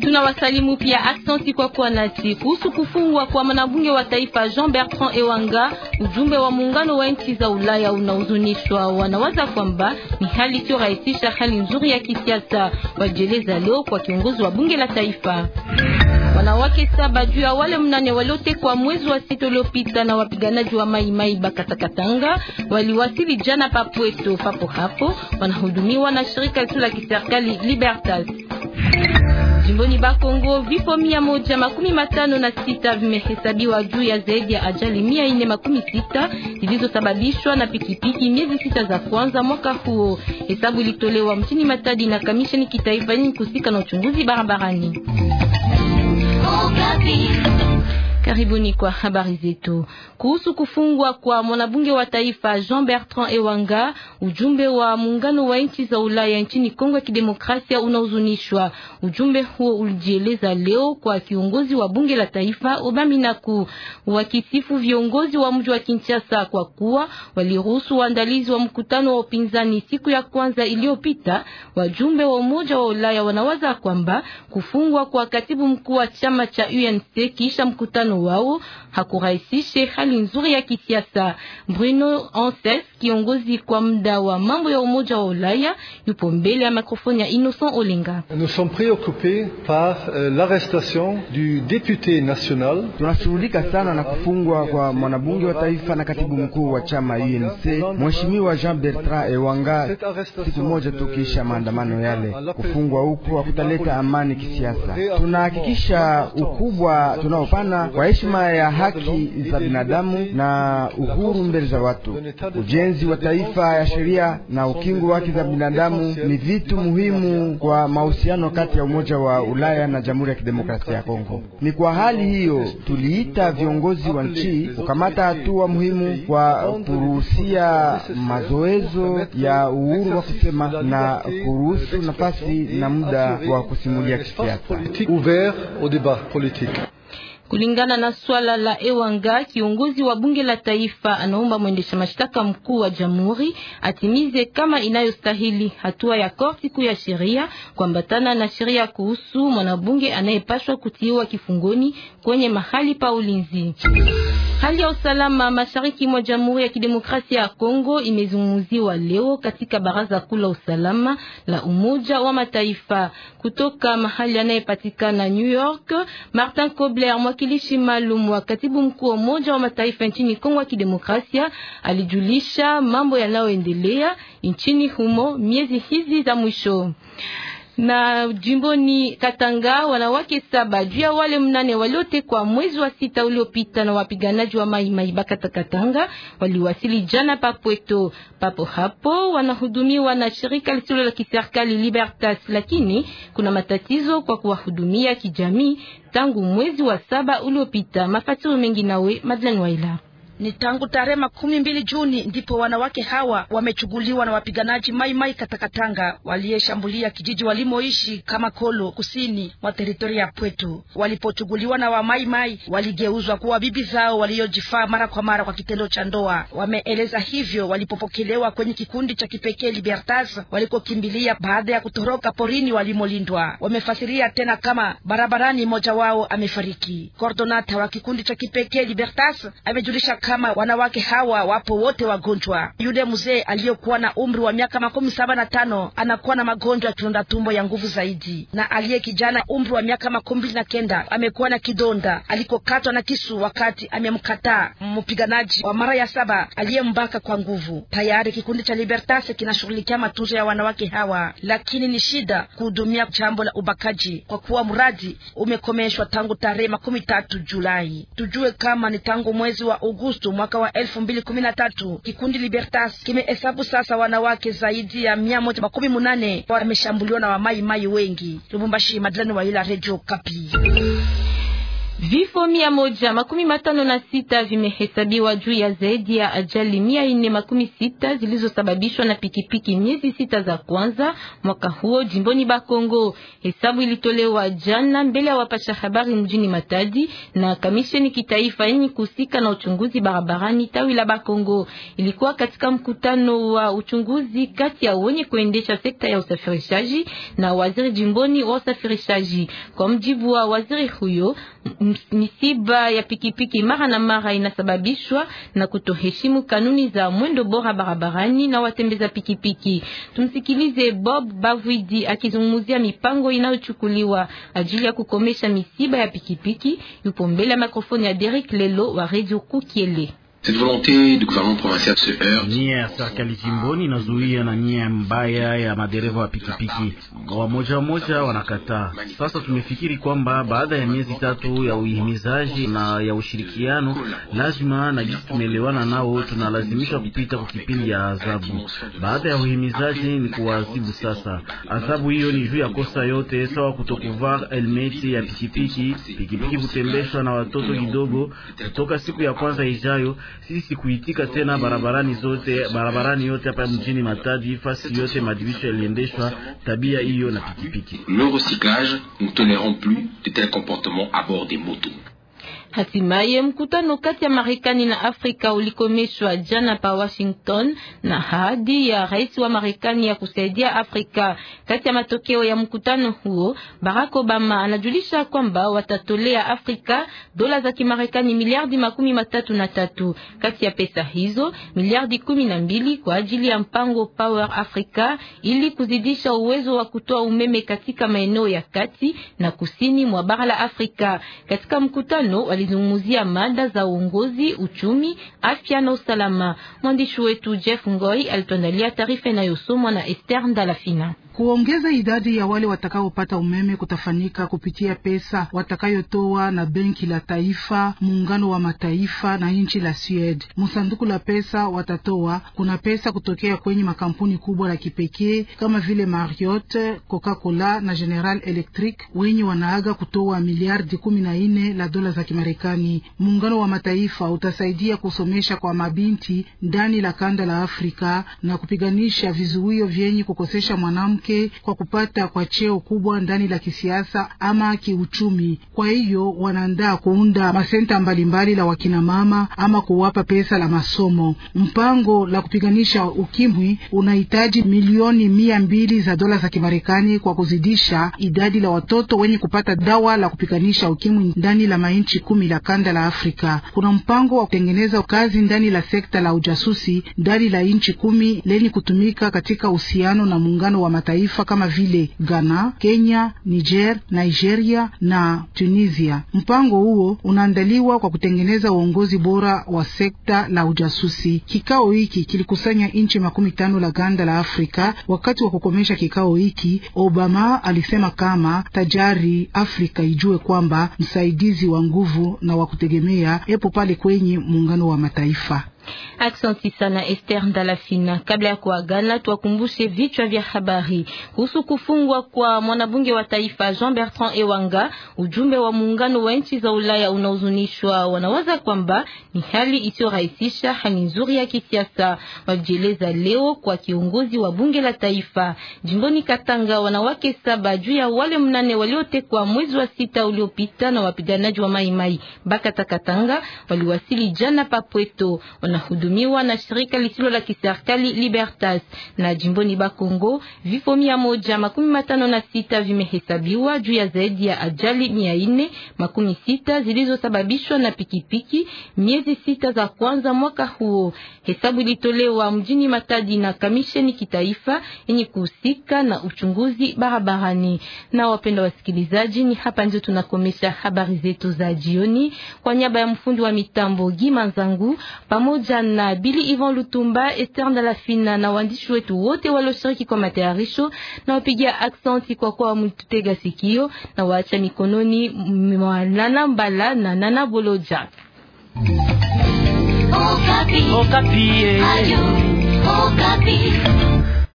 Tunawasalimu pia, asante kwa kuwa nasi. Kuhusu kufungwa kwa mwanabunge wa taifa Jean Bertrand Ewanga Ujumbe wa muungano wa nchi za Ulaya unahuzunishwa, wanawaza kwamba ni hali isiyorahisisha hali nzuri ya kisiasa. Wajieleza leo kwa kiongozi wa bunge la taifa. Wanawake saba juu ya wale mnane waliotekwa mwezi wa sita uliopita na wapiganaji wa Maimai Bakatakatanga waliwasili jana papweto. Papo hapo wanahudumiwa na shirika lisilo la kiserikali Libertas. Jimboni Bakongo vifo mia moja makumi matano na sita vimehesabiwa juu ya zaidi ya ajali mia nne makumi sita zilizosababishwa na pikipiki miezi sita za kwanza mwaka huo. Hesabu ilitolewa mjini Matadi na kamisheni kitaifa yenye kusika na uchunguzi barabarani. Oh, Karibuni kwa habari zetu kuhusu kufungwa kwa mwanabunge wa taifa Jean Bertrand Ewanga. Ujumbe wa muungano wa nchi za Ulaya nchini Kongo ya Kidemokrasia unahuzunishwa. Ujumbe huo ulijieleza leo kwa kiongozi wa bunge la taifa Obaminaku, wakisifu viongozi wa mji wa Kinshasa kwa kuwa waliruhusu waandalizi wa mkutano wa upinzani siku ya kwanza iliyopita. Wajumbe wa Umoja wa Ulaya wanawaza kwamba kufungwa kwa katibu mkuu wa chama cha UNC kisha mkutano mkutano wao hakurahisishe hali nzuri ya kisiasa. Bruno Anses, kiongozi kwa muda wa mambo ya Umoja wa Ulaya, yupo mbele ya mikrofoni ya Innocent Olinga. Nous sommes préoccupés par euh, l'arrestation du député national. Tunashughulika sana na kufungwa kwa mwanabunge wa taifa na katibu mkuu wa chama UNC Mheshimiwa Jean Bertrand Ewanga, siku moja tu kisha maandamano yale. Kufungwa huko hakutaleta amani kisiasa. Tunahakikisha ukubwa tunaopana kwa heshima ya haki za binadamu na uhuru mbele za watu. Ujenzi wa taifa ya sheria na ukingo wa haki za binadamu ni vitu muhimu kwa mahusiano kati ya Umoja wa Ulaya na Jamhuri ya Kidemokrasia ya Kongo. Ni kwa hali hiyo tuliita viongozi wa nchi kukamata hatua muhimu kwa kuruhusia mazoezo ya uhuru wa kusema na kuruhusu nafasi na muda wa kusimulia kisiasa. Kulingana na swala la Ewanga, kiongozi wa bunge la taifa anaomba mwendesha mashtaka mkuu wa jamhuri atimize kama inayostahili hatua ya korti kuu ya sheria kuambatana na sheria kuhusu mwanabunge anayepashwa kutiwa kifungoni kwenye mahali pa ulinzi. Hali ya usalama mashariki mwa Jamhuri ya Kidemokrasia ya Kongo imezungumziwa leo katika Baraza Kuu la Usalama la Umoja wa Mataifa. Kutoka mahali anayepatikana New York, Martin Kobler, mwakilishi maalum wa katibu mkuu wa Umoja wa Mataifa nchini Kongo ya Kidemokrasia, alijulisha mambo yanayoendelea nchini humo miezi hizi za mwisho na jimboni Katanga wanawake saba juu ya wale mnane waliotekwa mwezi wa sita uliopita na wapiganaji wa Mai Bakata Katanga waliwasili jana Papweto. Papo hapo wanahudumiwa na shirika lisilo la kiserikali Libertas, lakini kuna matatizo kwa kuwahudumia kijamii tangu mwezi wa saba uliopita. Mafatiro mengi nawe madlani Waila. Ni tangu tarehe makumi mbili Juni ndipo wanawake hawa wamechuguliwa na wapiganaji Maimai Katakatanga waliyeshambulia kijiji walimoishi kama Kolo kusini mwa teritoria ya Pweto. Walipochuguliwa na Wamaimai waligeuzwa kuwa bibi zao waliojifaa mara kwa mara kwa kitendo cha ndoa. Wameeleza hivyo walipopokelewa kwenye kikundi cha kipekee Libertas walikokimbilia baada ya kutoroka porini walimolindwa. Wamefasiria tena kama barabarani mmoja wao amefariki. Kordonata wa kikundi cha kipekee Libertas amejulisha kama wanawake hawa wapo wote wagonjwa. Yule mzee aliyekuwa na umri wa miaka makumi saba na tano anakuwa na magonjwa ya kidonda tumbo ya nguvu zaidi, na aliye kijana umri wa miaka makumi mbili na kenda amekuwa na kidonda alikokatwa na kisu wakati amemkataa mpiganaji wa mara ya saba aliyembaka kwa nguvu. Tayari kikundi cha Libertase kinashughulikia matunzo ya wanawake hawa, lakini ni shida kuhudumia jambo la ubakaji kwa kuwa mradi umekomeshwa tangu tarehe makumi tatu Julai. Tujue kama ni tangu mwezi wa Agosti Agosto mwaka wa elfu mbili kumi na tatu. Kikundi Libertas kimehesabu sasa wanawake zaidi ya mia moja makumi munane wameshambuliwa na wamaimai wengi. Lubumbashi, Madlani Waila, Radio Kapi. Vifo mia moja makumi matano na sita vimehesabiwa juu ya zaidi ya ajali mia ine makumi sita zilizosababishwa na pikipiki miezi sita za kwanza mwaka huo jimboni Bakongo. Hesabu ilitolewa jana mbele ya wapasha habari mjini Matadi na kamisheni kitaifa yenye kusika na uchunguzi barabarani tawi la Bakongo. Ilikuwa katika mkutano wa uchunguzi kati ya wenye kuendesha sekta ya usafirishaji na waziri jimboni wa usafirishaji. Kwa mjibu wa waziri huyo misiba ya pikipiki mara na mara inasababishwa na kutoheshimu kanuni za mwendo bora barabarani na watembeza pikipiki. Tumsikilize Bob Bavwidi akizungumzia mipango inayochukuliwa ajili ya kukomesha misiba ya pikipiki. Yupo mbele ya mikrofoni ya Derek Lelo wa Radio Kukiele. Nia ya serikali jimboni inazuia na nia mbaya ya madereva wa pikipiki wamoja moja wanakataa. Sasa tumefikiri kwamba baada ya miezi tatu ya uhimizaji na ya ushirikiano, lazima na jinsi tumeelewana nao, tunalazimishwa kupita kwa kipindi ya adhabu. Baada ya uhimizaji ni kuwaadhibu sasa. Adhabu hiyo ni juu ya kosa yote, sawa kutokuvaa helmeti ya pikipiki, pikipiki kutembeshwa na watoto kidogo kutoka siku ya kwanza ijayo sisi kuitika tena barabarani zote barabarani yote hapa mjini Matadi, fasi yote madibisho yaliendeshwa tabia hiyo na pikipiki. Le recyclage, nous tolerons plus de tels comportements à bord des motos. Hatimaye mkutano kati ya Marekani na Afrika ulikomeshwa jana pa Washington na hadi ya rais wa Marekani ya kusaidia Afrika. Kati ya matokeo ya mkutano huo, Barack Obama anajulisha kwamba watatolea Afrika dola za Kimarekani miliardi makumi matatu na tatu. Kati ya pesa hizo, miliardi kumi na mbili kwa ajili ya mpango Power Africa ili kuzidisha uwezo wa kutoa umeme katika maeneo ya kati na kusini mwa bara la Afrika. Katika mkutano wali alizungumzia mada za uongozi, uchumi, afya na usalama. Mwandishi wetu Jeff Ngoi alituandalia taarifa inayosomwa na Esther Ndalafina. Kuongeza idadi ya wale watakaopata umeme kutafanyika kupitia pesa watakayotoa na benki la taifa, muungano wa mataifa na nchi la suede Msanduku la pesa watatoa kuna pesa kutokea kwenye makampuni kubwa la kipekee kama vile Marriott, Coca-Cola na General Electric wenye wanaaga kutoa miliardi kumi na nne la dola za Kimarekani. Muungano wa mataifa utasaidia kusomesha kwa mabinti ndani la kanda la Afrika na kupiganisha vizuio vyenye kukosesha mwanamke yake kwa kupata kwa cheo kubwa ndani la kisiasa ama kiuchumi. Kwa hiyo wanaandaa kuunda masenta mbalimbali la wakinamama ama kuwapa pesa la masomo. Mpango la kupiganisha ukimwi unahitaji milioni mia mbili za dola za Kimarekani kwa kuzidisha idadi la watoto wenye kupata dawa la kupiganisha ukimwi ndani la mainchi kumi la kanda la Afrika. Kuna mpango wa kutengeneza kazi ndani la sekta la ujasusi ndani la inchi kumi lenye kutumika katika uhusiano na muungano wa mataifa mataifa kama vile Ghana, Kenya, Niger, Nigeria na Tunisia. Mpango huo unaandaliwa kwa kutengeneza uongozi bora wa sekta la ujasusi. Kikao hiki kilikusanya nchi makumi tano la ganda la Afrika. Wakati wa kukomesha kikao hiki, Obama alisema kama tajari Afrika ijue kwamba msaidizi wa nguvu na wa kutegemea epo pale kwenye muungano wa mataifa. Aksanti sana Esther Ndalafina. Kabla ya kuagana, tuwakumbushe vichwa vya habari kuhusu kufungwa kwa mwanabunge wa taifa Jean Bertrand Ewanga. Ujumbe wa muungano wa nchi za Ulaya unaozunishwa wanawaza kwamba ni hali isiyorahisisha hali nzuri ya kisiasa. Wajieleza leo kwa kiongozi wa bunge la taifa jimboni Katanga, wanawake saba juu ya wale mnane waliotekwa mwezi wa sita uliopita na wapiganaji wa Maimai Bakata Katanga waliwasili jana Papweto. Wana unahudumiwa na shirika lisilo la kiserikali Libertas. Na jimboni Bakongo, vifo mia moja makumi matano na sita vimehesabiwa juu ya zaidi ya ajali mia nne makumi sita zilizosababishwa na pikipiki miezi sita za kwanza mwaka huo. Hesabu ilitolewa mjini Matadi na kamisheni kitaifa yenye kuhusika na uchunguzi barabarani. Na wapenda wasikilizaji, ni hapa ndio tunakomesha habari zetu za jioni. Kwa niaba ya mfundi wa mitambo Gimanzangu pamoja jana. Bili Ivan Lutumba, Esther Ndalafina na waandishi wetu wote walioshiriki kwa matayarisho na wapigia aksanti kwa kwa mtutega sikio na waacha mikononi mwa Mbala na Nana Boloja. Okapi. Okapi. Eh. Ayo. Okapi.